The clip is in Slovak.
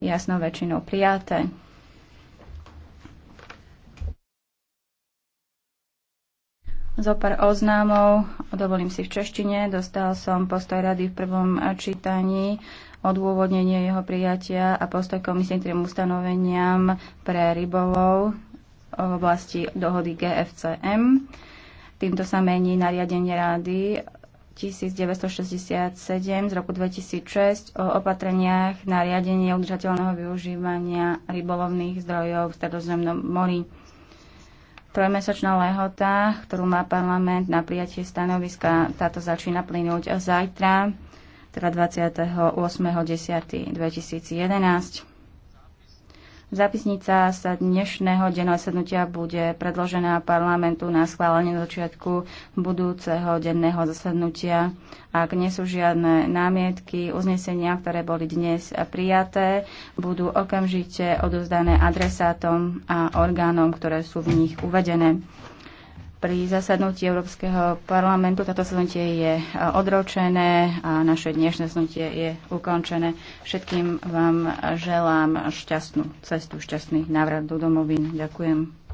jasnou väčšinou prijaté. Zo pár oznámov, dovolím si v češtine, dostal som postoj rady v prvom čítaní, odôvodnenie jeho prijatia a postoj komisie k trem ustanoveniam pre rybolov v oblasti dohody GFCM. Týmto sa mení nariadenie rády 1967 z roku 2006 o opatreniach na riadenie udržateľného využívania rybolovných zdrojov v Stredozemnom mori. Trojmesačná lehota, ktorú má parlament na prijatie stanoviska, táto začína plynúť zajtra, teda 28.10.2011. Zápisnica sa dnešného denného sednutia bude predložená parlamentu na schválenie začiatku budúceho denného zasadnutia. Ak nie sú žiadne námietky, uznesenia, ktoré boli dnes prijaté, budú okamžite odozdané adresátom a orgánom, ktoré sú v nich uvedené pri zasadnutí Európskeho parlamentu. Toto zasadnutie je e, odročené a naše dnešné zasadnutie je ukončené. Všetkým vám želám šťastnú cestu, šťastný návrat do domovín. Ďakujem.